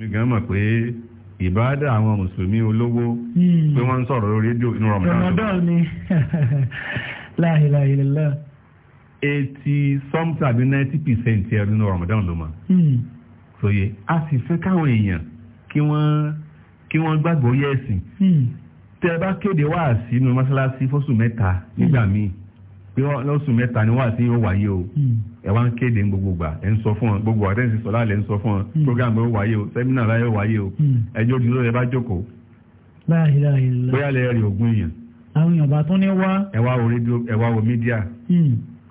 mi gan mọ̀ pé ìbáàdà àwọn mùsùlùmí olówó hmm. pé wọ́n ń sọ̀rọ̀ lórí rédíò inú ramadan ni la ilaha illallah eighty some tàbí ninety percent ẹ̀rù inú ramadan ló mọ̀ hmm. sóye a sì fẹ́ káwọn èèyàn kí wọ́n kí wọ́n gbàgbọ́ yẹ̀sìn hmm. tẹ́ ẹ bá kéde wáàsí nínú mọ́ṣáláṣí fóṣù mẹ́ta nígbà míì pé lọ́sù mẹ́ta ni wà sí yóò wáyé o hmm. ẹ wá ń kéde gbogbo gbà ẹ ń sọ fún ọ gbogbo ọ̀tẹ́ ìsìn sọ́lá lẹ́ ń sọ fún ọ hmm. program yóò wáyé o sẹ́mínà rẹ yóò wáyé o hmm. ẹjọ́ òdìdó rẹ bá jókòó. bóyá lè rí ogún èèyàn. àwọn èèyàn bá tún ní wá. ẹ wá wo rédíò ẹ wá wo mídíà.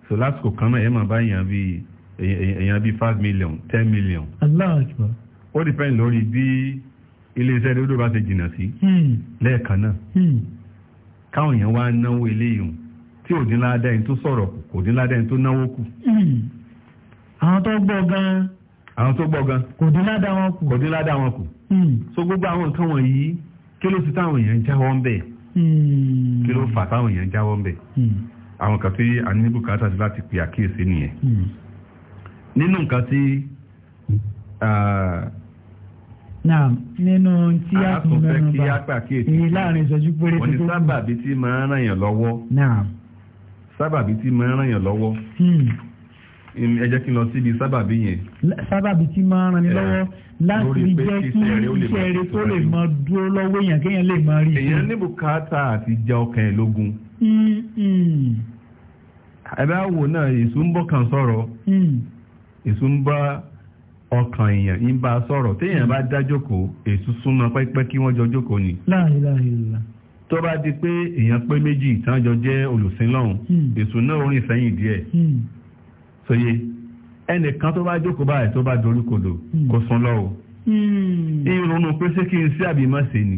so lásìkò kan náà ẹ máa bá èèyàn bíi èèyàn bíi five million ten million. ó dìpẹ́ǹd lórí bí iléeṣẹ́ rédíò bá ti jìnnà sí lẹ́ẹ̀kan náà káwọn èèyàn wá náwó eléyìí tí ò ní ládá ẹni tó sọ̀rọ̀ kò ní ládá ẹni tó náwó kù. àwọn tó gbọ́ gan. àwọn tó gbọ́ gan. kò ní ládá wọn kù. kò ní ládá wọn kù. Hmm. so gbogbo àwọn nǹkan wọ̀nyí kí ló fi táwọn èèyàn jáwọ́ ń bẹ̀. Hmm. kí ló fà táwọn èèyàn jáwọ́ ń bẹ̀. Hmm. àwọn kan tí a ní bùkátà sí láti pè àkíyèsí nìyẹn. nínú nǹkan tí Naam, nínú tí a tún mẹ́nu bá, èyí láàrin ìṣẹ́jú péré tó tó kù. Wọ́n ní tí máa ń ràn yàn lọ́wọ́ sábàbí tí máa ń ràn yàn lọ́wọ́ hmm. ẹ jẹ́ kí n lọ síbi sábàbí yẹn. sábàbí tí máa ń ràn ní lọ́wọ́ eh, láti jẹ́ kí iṣẹ́ rẹ tó lè máa dúró lọ́wọ́ èèyàn kéèyàn lè máa rí i. èèyàn ní bùkátà àti jẹ ọkàn ẹ̀ lógun. Hmm, hmm. ẹ̀bá wo náà èso ń bọ̀ kan sọ̀rọ̀ èso ń bá ọkàn èèyàn ń bá sọ̀rọ̀ téèyàn bá dá jókòó èso súnmọ́ pẹ́pẹ́ kí wọ́n jọ jókòó ni. láàyè láàyè láàyè tó bá di pé èèyàn pé méjì tánjọ jẹ́ olùsínlọ́hun hmm. èsù náà orin ìsẹ́yìn díẹ̀ hmm. sóye ẹnìkan tó bá jókòó báyìí tó bá doríkodò hmm. kò sún lọ́wọ́ ìrònú pé ṣé kí n sí àbí má ṣe ni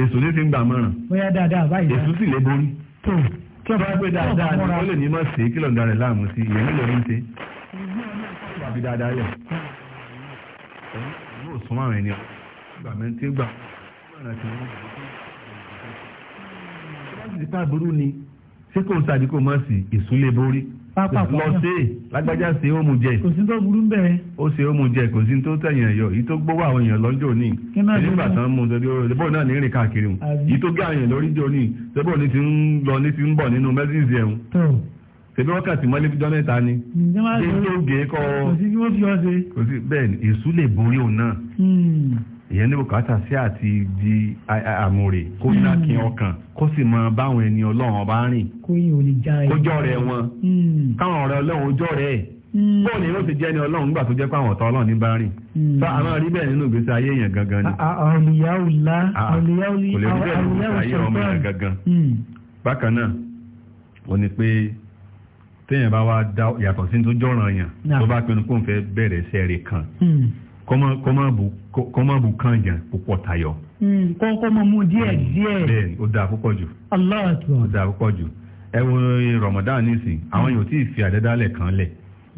èsù ní ti ń gbà mọ́ràn èsù sì lè borí tó bá pé dáadáa ni ó lè ní má ṣe kí lọ́nà rẹ̀ láàmú sí ìyẹn nílò ní ṣe àbí dáadáa yẹ yóò sún àwọn ènìyàn gbàmẹ́ntì gbà mọ́ràn tí ti pàbúrú ni ṣé kò ń tàbí kò mọ̀ sí ìsúlẹ̀ borí lọ sí è lágbájá ṣe ó mu jẹ kò sí tó burú bẹ́ẹ̀. ó ṣe ó mu jẹ kò sí tó tẹ̀yìn ẹ̀yọ èyí tó gbówó àwọn èèyàn lọ́jọ́ ní nígbà tán mu torí ìbò náà ní rìn káàkiri mu èyí tó gé àwọn èèyàn lórí jọ ní ìbò ní ti ń lọ ní ti ń bọ̀ nínú mẹ́sìsì ẹ̀hún tẹ̀bí wákàtí mọ́lé bí dọ́nẹ́ta ni ṣé tó gé kọ́ bẹ́ẹ̀ èṣù lè borí òun náà hmm èèyàn ní bùkátà sí àti di àmúre kó dá hmm. kí ọkàn kó sì mọ báwọn ẹni ọlọ́run ọba rìn kójọ́ rẹ̀ wọn hmm. káwọn ọ̀rẹ́ ọlọ́run ojọ́ rẹ̀ hmm. bó ni yóò ti jẹ́ ni ọlọ́run nígbà tó jẹ́ pé àwọn ọ̀tá ọlọ́run ní bá rìn tó a máa rí bẹ́ẹ̀ nínú ìgbésí ayé èèyàn gangan ni. àlùyáwùlá àlùyáwùlí kò lè rí bẹ́ẹ̀ nínú ìgbésí ayé ọmọ èèyàn gangan. bákan náà ó ní pé téèyàn bá wá dá yàtọ̀ sí tó jọ̀ràn yàn tó bá pinnu kó n fẹ́ bẹ̀rẹ̀ sẹ́ẹ̀rẹ̀ kan kọ́mọ́ bù kọ́ máa bù kán jẹ púpọ̀ tayọ. Hmm, kọ́kọ́ máa mú díẹ̀ hmm, díẹ̀. bẹ́ẹ̀ ó dáa púpọ̀ jù. aláàtú. ó dáa púpọ̀ jù. ẹ wo Ramadan nísìn àwọn hmm. yòó tí ì fi àdẹ́dálẹ̀ kan lẹ̀.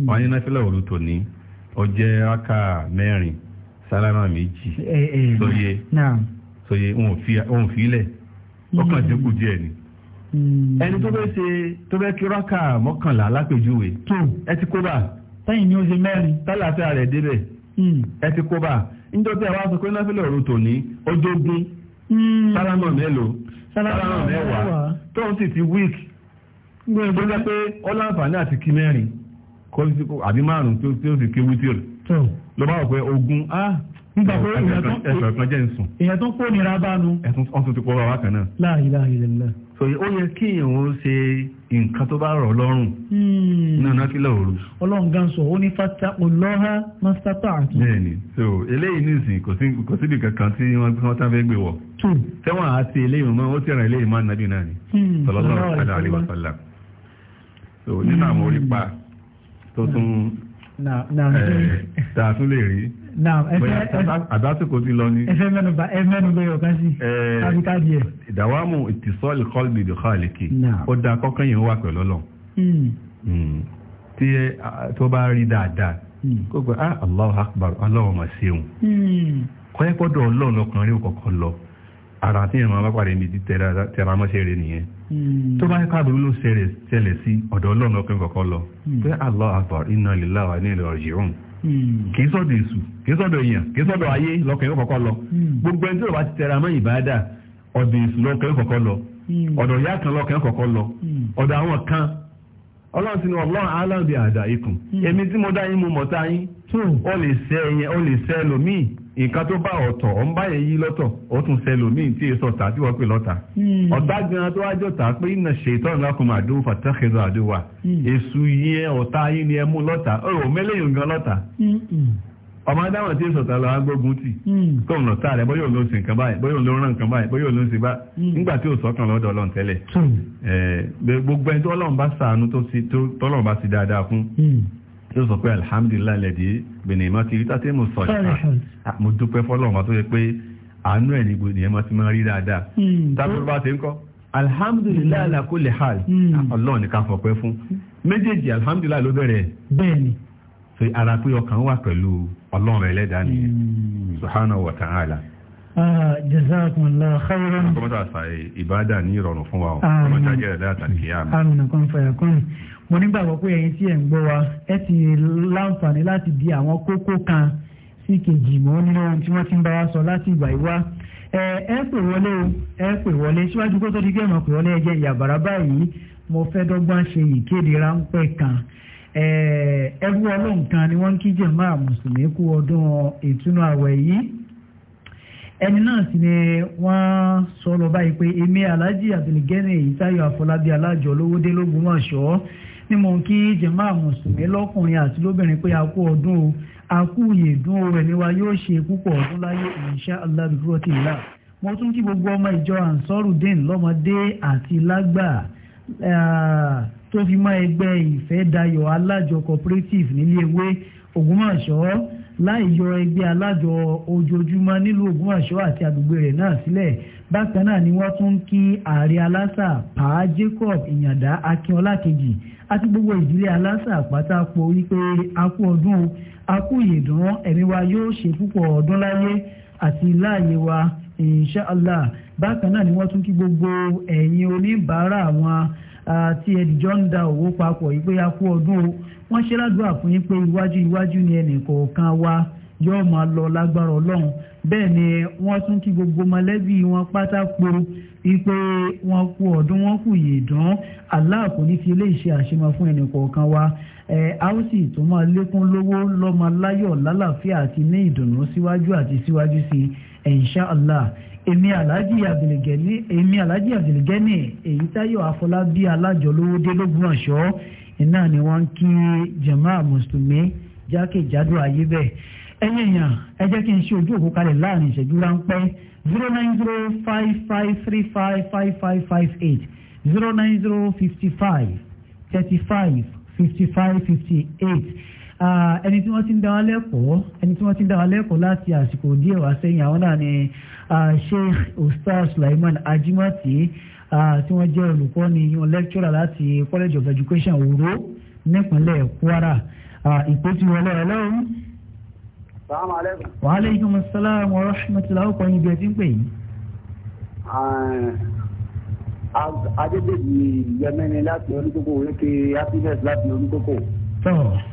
wọn ní náfìlà òru tòní ọjẹ́ aka mẹ́rin sálámà méjì. sóye sóye òun fi lẹ̀ ọkàn dínkù díẹ̀ ni. ẹni tó bẹ́ẹ̀ ṣe tó bẹ́ẹ̀ kí raka mọ́kànlá lápèjúwe. tó ẹ ti kó bá. ni ó ṣe mẹ́rin. tálàfẹ́ rẹ̀ débẹ̀. ẹ ti kó níjọ́ tí a sọ pé náfìlà òru tòní ọjọ́gún hmm. sálámà mélòó sálámà ti wíìkì tó jẹ́ pé ọla àti kí mẹ́rin àbí márùn-ún tó sì kí wítìrì wọ̀ pé nígbà pé ìyẹn tó kó nira bánu. ẹ̀sùn ọ̀sùn ti kó wa wá kan náà. la ilaha illallah. so o yẹ kí ìwọ̀n ṣe nǹkan tó bá rọ̀ lọ́rùn hmm. nínú kílẹ̀ òru. ọlọ́run gan sọ ó ní fata olóha mọ́sítátà àti. bẹ́ẹ̀ni so eléyìí nísìnyí kò síbi kankan tí wọ́n gbé wọn tán fẹ́ gbé wọ̀. tẹ́wọ̀n àti eléyìí mọ́ ó ti ràn eléyìí máa nàbí náà ni. Hmm. sallallahu alaihi wasallam. so nínú àwọn orípa tó tún eh, tààtún lè rí naam àdásìkò ti lọ ní. ẹfẹ mẹnu bá ẹ mẹnu bẹ ọkàn sí. tàbí káàdì ẹ. ìdàwámù ìtìsọ́ọ̀lì kọ́ọ̀lì lè kọ́ àlèkè. ó da kọ́kàn yẹn wà pẹ̀lú ọlọ́ hmm. hmm. tí tó bá rí dáadáa hmm. kó gbé ah Allahu Akbar Allahu mà ṣeun. kọ́yẹ́ pọ́dọ̀ ọlọ́run ọkùnrin kọ̀ọ̀kan lọ ara tí ìrìn máa pàdé ní tẹramọ́ṣẹ́ rẹ nìyẹn tó bá ká àbúrú ló ṣẹlẹ̀ sí ọ̀dọ̀ ọlọ́run ọkùnrin kọ̀ọ̀kan lọ pé Allahu Akbar inna lillahi wa inna ilayhi raji'un Hmm. kì í sọ̀dọ̀ èṣù kì í sọ̀dọ̀ èèyàn kì í ayé lọ́kàn yóò kọ́kọ́ hmm. gbogbo ẹni tí yóò bá ti tẹra mọ́ ìbáadà ọ̀dọ̀ èṣù lọ́kàn yóò kọ́kọ́ lọ hmm. kan lọ́kàn yóò kọ́kọ́ lọ ọ̀dọ̀ àwọn kan ọlọ́run ti ọlọ́run àdá ikùn èmi tí mo dá yín mo mọ̀ tá yín ó lè sẹ́ ó nǹkan tó bá ọ̀tọ̀ ọ̀ ń báyẹ̀ yí lọ́tọ̀ ó tún sẹlò ní tí èso ọ̀tà tí wọ́n pè lọ́tà hmm. ọ̀tá gan tó wájọ́ tà pé iná ṣètọ́ lakum àdó fàtẹ́kẹ̀dọ̀ àdówà èṣù yẹn ọ̀tá yín ni ẹ mú lọ́tà ọ̀rọ̀ mẹ́lẹ́yìn gan lọ́tà hmm. hmm. ọmọ adáwọn tí èso ọ̀tà lọ agbógun tì tó ń lọ́tà rẹ bóyá olóhùn sí báyìí bóyá olóhùn ràn báyìí bóyá yóò sọ pé alhamdulillah lẹ́dí bẹ̀rẹ̀ ìmọ̀ ti rí tàtí mo sọ ìfà ah, mo dúpẹ́ fọ́lọ́mọ tó yẹ pé àánú ẹ̀ ní gbòdì ẹ̀mọ́ ti máa rí dáadáa hmm. tàbí bá ti ń kọ́ alhamdulillah ala kulli hal hmm. ah, ọlọ́run ní ká fọpẹ́ fún méjèèjì alhamdulillah ló bẹ̀rẹ̀ bẹ́ẹ̀ni so ara pé ọkàn wà pẹ̀lú ọlọ́run ẹlẹ́dàá nìyẹn hmm. subhanahu wa ta'ala Jazakumullahu khairan. Ọkọ̀ mọ́ta àṣàyè ibada ní ìrọ̀rùn fún wa ọ̀. Ọmọ jágẹ̀ rẹ̀ láti àríkìyà mi. Àmì nìkan fàyàkùn. Mo nígbàgbọ́ pé ẹ̀yin tí ẹ̀ ń gbọ́ wa, ẹ ti láǹfààní láti di àwọn koko kan sí kejì mọ́ nínú ohun tí wọ́n ti ń bá wa sọ láti ìgbà ìwá ẹ pè wọlé o ẹ pè wọlé síwájú kó tó di gẹ́mọ̀ pè wọlé ẹjẹ ìyàbára mo fẹ́ dọ́gbọ́n ṣe ìkéde ráńpẹ́ kan ẹrú ọlọ́run kan ni wọ́n ń kí jẹ̀mọ́ àmùsùlùmí kú ọdún ìtúnú àwẹ̀ yìí ẹni náà sì ni wọ́n sọ lọ báyìí pé èmi alhaji abdulgani ìtayọ àfọlábí alájọ lówódé lógúnmọ̀ṣọ́ ni mò ń kí jàmáà mùsùlùmí lọ́kùnrin àti lóbìnrin pé a kú ọdún o a kú ìyèdún o ẹni wa yóò ṣe púpọ̀ ọdún láyé insha Allah dúrótì ìlà mo tún kí gbogbo ọmọ ìjọ ansarudin lọ́mọdé àti lágbà tó fi mọ́ ẹgbẹ́ ìfẹ́ dayọ̀ alájọ cooperative nílé ewé ògúnmọ̀ṣọ́ láì yọ ẹgbẹ́ alájọ ojoojúmọ́ nílùú Ògbómọ̀ṣọ́ àti àgbègbè rẹ̀ náà sílẹ̀ bákan náà ni wọ́n tún ń kí ààrẹ aláṣà pa Jacob ìyàndá akínọlá kejì àti gbogbo ìdílé aláṣà pátápọ̀ wípé a kú ọdún a kú ìyèdùn ẹ̀mí wa yóò ṣe púpọ̀ ọdún láyé àti láàyè wa insha bákan náà ni wọ́n tún kí gbogbo ẹ̀yin oníbàárà wọn Ah, tí ẹdìjọ́ ń da owó papọ̀ yìí pé a kú ọdún o wọ́n ṣe ládùúgbà fún yín pé iwájú iwájú ni ẹnì kọ̀ọ̀kan wa yóò máa lọ lágbára ọlọ́run bẹ́ẹ̀ ni wọ́n tún kí gbogbo mọ̀lẹ́bí wọn pátá po ipe wọn kú ọdún wọn kù yìí dán Allah kò ní fi eléyìí ṣe àṣemọ fún ẹnì kọ̀ọ̀kan wa ẹ a ó sì tún máa lékún lówó lọ́mọ láyọ̀ lálàáfíà àti ní ìdùnnú síwájú àti síwájú sí insha Allah èmi alhaji abdulgani èmi alhaji abdulgani èyí táyọ̀ afọlábí alájọlówódé lógúnọ̀ṣọ́ iná ni wọ́n ń kí jama mùsùlùmí jákèjádò ayé bẹ́ẹ̀ ẹ̀yìn èèyàn ẹ jẹ́ kí n ṣe ojú òkú kalẹ̀ láàrin ìṣẹ́jú ráńpẹ́ zero nine zero five five three five five five five eight zero nine zero fifty five thirty five fifty five fifty eight ẹni tí wọ́n ti ń dá wa lẹ́kọ̀ọ́ ẹni tí wọ́n ti ń dá wa lẹ́kọ̀ọ́ láti àsìkò díẹ̀ wá sẹ́yìn àwọn náà ni Sheikh Ustaz Sulaiman Ajimati tí wọ́n jẹ́ olùkọ́ni yan lecturer láti College of Education Òró nípínlẹ̀ Kwara ìpè tí wọ́n lọ́ọ́ lọ́wọ́. Wa alaikum assalam wa rahmatullahi ọkọ̀ yín bí ẹ ti ń pè yín. Adébèjì Yẹmẹ́ni láti Oníkókó, Oríkè Happiness láti Oníkókó. Tọ́ọ̀.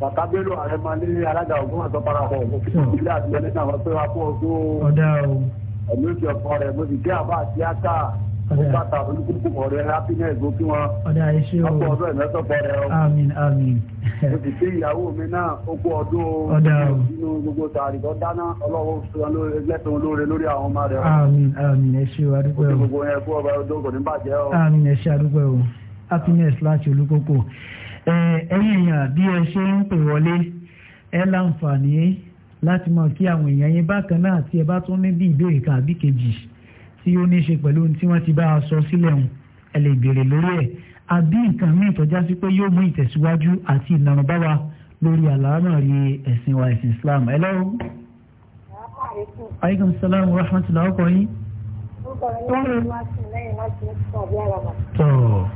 bàtà bello ààrẹ máa ní alága ògùn àtọ́para ọkọ̀ ògùn hmm. ilé àtijọ́ nínú àwọn pé wàá kó ojú ẹ̀mí ìṣẹ̀ ọ̀kan rẹ̀ mo sì jẹ́ àbá àti áká bàtà olùkúkú ọ̀rẹ́ happiness ó kí wọn ọkọ̀ ọdún ẹ̀mẹ́sọ̀pọ̀ rẹ̀ ọ. àmín àmín. mo sì ṣe ìyàwó mi náà ó kó ọdún nínú gbogbo tààrí tó dáná ọlọ́wọ́ ẹgbẹ́sẹ̀ olóore lórí àwọn ọmọ rẹ̀. àmín àmín ẹ ṣé adúpẹ́ o. ó ti gbogbo yẹn kú ọba ọdún kò ní bàjẹ́ o. o happiness láti olùkókò ẹ̀yin èèyàn bí ẹ ṣe ń pè wọlé ẹ láǹfààní láti mọ̀ kí àwọn èèyàn yẹn bákan náà tí ẹ bá tún ní bí ìbéèrè kan àbí kejì tí ó ní ṣe pẹ̀lú ohun tí wọ́n ti bá a sọ sílẹ̀ hùn ẹ lè béèrè lórí ẹ̀ àbí nǹkan míì tọ́já sí pé yóò mú ìtẹ̀síwájú àti ìlànà bá wa lórí àlàámọ̀rí ẹ̀sìn wa ẹ̀sìn Islam ẹ lọ́wọ́. aleykum salaam wa rahmatulah ọkọ yín. ó kọ̀ ní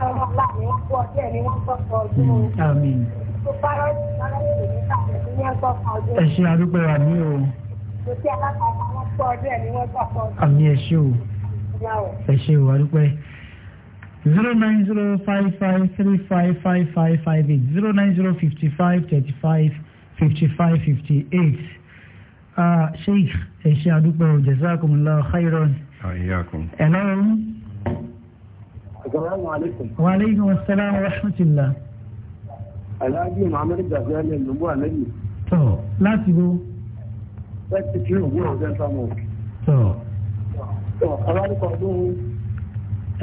táwọn láàrin kú ọdún ẹ̀mí wọn gbọ́kọ̀ ọdún. àmín. tó ẹ ṣe àdúpẹ́ wa ní o. kò ẹ ṣé o. ẹ ṣé o àdúpẹ́. zero nine zero five five three five five five five eight zero nine zero fifty five thirty five fifty five fifty eight. Ah, sheikh ẹ ṣe àdúpẹ́ o jazakumullahu khairan. ẹ lọ́rùn. Wa alaikum assalam wa rahmatullah. Alhaji Muhammad Gàdé Alẹ́ ló wà lẹ́yìn. Tọ̀ láti bo. Láti kí òwúrọ̀ ọ̀gá sámọ̀. Tọ̀. Tọ̀ aláríkọ̀ ọdún.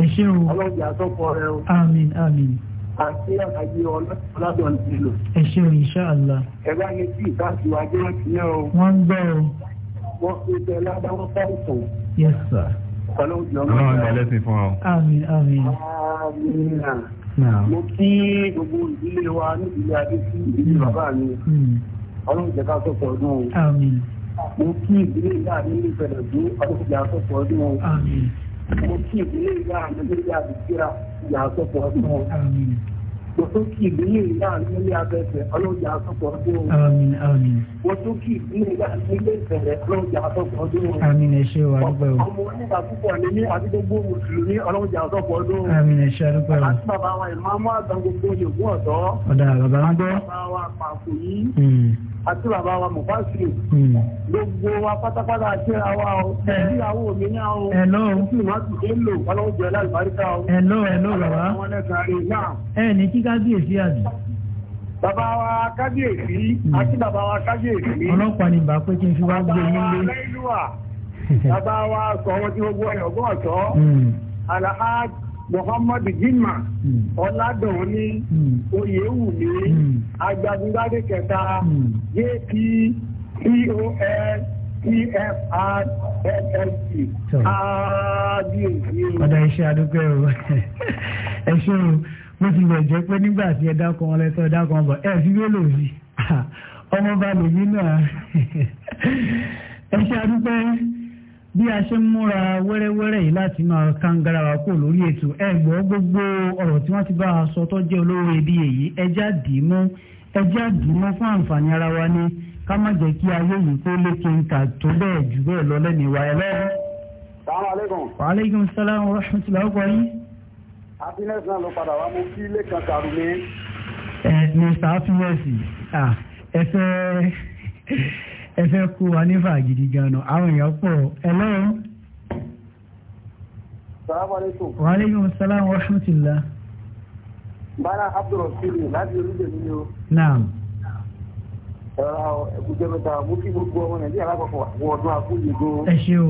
Ẹ ṣé o. Ọlọ́jà àtọ́kọ̀ rẹ o. Amin amin. Àti àgbàjì ọlọ́dọ̀ ní ìlú. Ẹ ṣé o, insha Allah. Ẹ bá ní tí ìtàkùn ajé wọn ti yẹ o. Wọ́n ń gbọ́ o. Wọ́n fi tẹ lábáwọ́ fáìsàn. Yes sir. Ọlọ́run ẹlẹ́sìn fún ọ. Àmín hmm. àmín. Mo kí ìdílé ìyá mi ní ìfẹ̀lẹ̀ tó ọlọ́run jẹ́ ọdún o. Mo kí ìdílé ìyá mi ní ìdílé ọdún o wọ́túnkì ìdílé náà nílé abẹ́fẹ́ ọlọ́jà àtọ́pọ̀ ọdún òun. àmín àmín. wọ́túnkì ìdílé náà nílé ìfẹ̀rẹ̀ ọlọ́jà àtọ́pọ̀ ọdún òun. àmín ẹ ṣé wa dúpẹ́ o. ọmọ onígbà púpọ̀ ní ní àdúgbò mùsùlùmí ọlọ́jà àtọ́pọ̀ ọdún òun. àmín ẹ ṣé wa dúpẹ́ o. àti bàbá wa ìmáàmù àgbà gbogbo yòókù ọ̀dọ́. ọ̀dà bàbá wa gbọ́. bàbá wa pàkó yìí. Hmm àti bàbá wa mufasiru hmm. gbogbo wa pátápátá àti àwa o eh. ìyàwó mi ní àwọn ìsìn máa tún dé lò ọlọ́wọ́ jẹ́ lálùbáríkà o. ẹ̀lọ́ ẹ̀lọ́ bàbá ẹ ní kí kábíyèsí àbí. bàbá wa kábíyèsí hmm. àti bàbá wa kábíyèsí. ọlọ́pàá ni bàá pé kí n fi wá gbé yín lé. bàbá wa sọ̀rọ̀ tí gbogbo ẹ̀ ọgbọ́n ọ̀ṣọ́ hmm. alahaj muhammadu jimma ọládùnní oyèwùmí agbadunbádé kẹta jp col efrllc kábíyèsí. ọ̀dà iṣẹ́ adúgbò ẹ̀ o ẹ ṣé o bó tilẹ̀ jẹ́ pé nígbà tí ẹ dákun ọlẹ́sọ dákun ọbọ̀ ẹ fi wélò sí ọmọ balùwẹ̀ náà ẹ ṣe adúgbò ẹ̀ bí a ṣe ń múra wẹ́rẹ́wẹ́rẹ́ yìí láti máa kangara wa kó lórí ètò ẹ gbọ́ gbogbo ọ̀rọ̀ tí wọ́n ti bá a sọ tó jẹ́ olówó ibi èyí ẹjá dìímọ́ ẹjá dìímọ́ fún àǹfààní ara wa ni ká má jẹ́ kí ayé yìí kó lékè nǹkan tó bẹ́ẹ̀ jù bẹ́ẹ̀ lọ lẹ́nu ìwà ẹ̀ lọ́wọ́. salaamaleykum. waaleykum salaam rahmatulah ọkọ yín. happiness náà ló padà wá mú kí ilé kan kàrú eh, ẹ fẹ́ kó wa ní fàgídí gan-an àwọn èèyàn pọ̀ ẹ lọ́wọ́. salaamaleykum. waaleykum salaam wa rahmatulah. bala abdulrasulu láti orílẹ̀ mi ni o. naam. ẹ̀kújẹ́ mi ta mú kí gbogbo ọmọ nàìjíríà lápapọ̀ wọ ọdún àkúyè gan. ẹ ṣé o.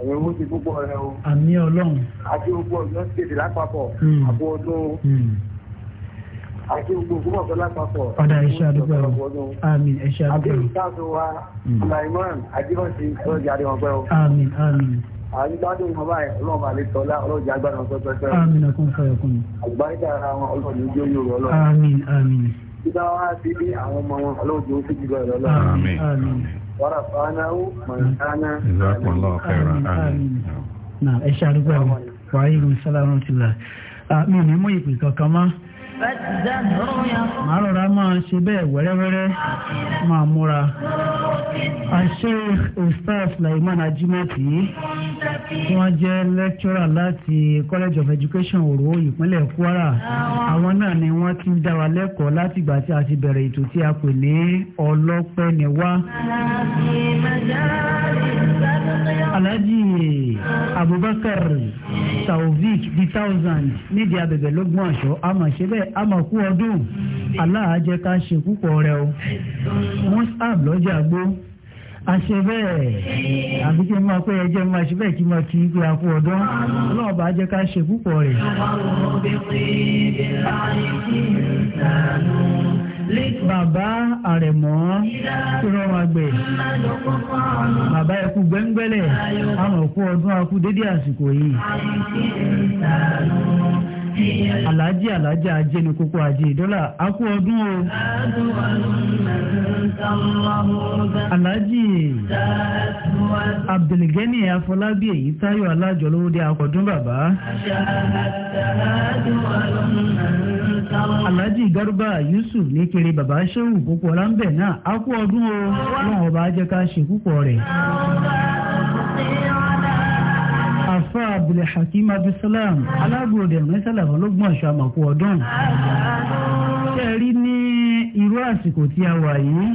ẹ̀yin mú kí gbogbo ọ̀rẹ́ o. àmì ọlọ́run. àti gbogbo ọ̀gbìn ṣèṣì lápapọ̀ hmm. àbọ̀ ọdún. Hmm àti gbogbo ògbómọ̀tọ́ lápapọ̀. ọ̀dà iṣẹ́ àdúgbò ọ̀hún àmín iṣẹ́ àdúgbò ọ̀hún. àti ìtàkùn wa hmm. sulaiman adébọ̀sí ọjà àdéhùn ọgbẹ́ o. àmín àmín. àyíkádùn wọn báyìí ọlọ́run àlè tọ́lá ọlọ́jà agbára wọn pẹ́pẹ́pẹ́. àmín ọkùn fẹ́ẹ̀kùn. àgbáríkà ara wọn ọlọ́run ojú yóò rọ ọlọ́run. àmín àmín. títà wá sí bí àwọn ọmọ wọn ọlọ́run ojú jùlọ ẹ̀rọ ọlọ́run. àmín àmín. wàrà fàánàwó mọ̀nìkánná. ìzákùnlọ́ kẹrà àmín. náà ẹ ṣe àdúgbò àwọn wàhálà ìlú sálámù tìlà mi ò ní mú ìpè kankan mọ́ màá rọra máa ṣe bẹ́ẹ̀ wẹ́rẹ́wẹ́rẹ́ máa múra àṣẹ ustaz Sulaiman Ajimati tí wọ́n jẹ́ lecturer láti college of education òró ìpínlẹ̀ kwara àwọn náà ni wọ́n ti dá wa lẹ́kọ̀ọ́ láti ìgbà tí a ti bẹ̀rẹ̀ ètò tí a pè ní ọlọ́pẹ́ ni wá. alhaji abubakar taofik di thousand nídìí abẹ̀bẹ̀ lọ́gbọ̀n àṣọ àmọ̀ ṣe bẹ́ẹ̀ àmọ̀ kú ṣe púpọ̀ rẹ o musab lọ́jà gbó. àṣẹ bẹ́ẹ̀ àbí kí n máa pé ẹjẹ́ máa ṣe bẹ́ẹ̀ kí n máa kí n pé jẹ́ ṣe púpọ̀ rẹ̀. bàbá àrẹ̀mọ́ ìrọ̀rùn àgbẹ̀ bàbá ẹkú gbẹ́ngbẹ́lẹ̀ a òkú ọdún akú àsìkò yìí. Alaji aláàjì ajé ni kókó ajé dọ́là á kú ọdún o. aláàjì abdulgani afọlábí èyí táyọ̀ alájọ lówó dé akọ̀dún bàbá. garba yusuf ní kiri bàbá ṣéwù kókó ọlámbẹ̀ náà a kú ọdún o. ọba á àfa abdulai hakim abdulsalam alágbòde ẹ̀rẹ́sàlà ọlọ́gbọ̀n ṣọ àmàkù ọdún ṣe rí ní irú àsìkò tí a wà yìí.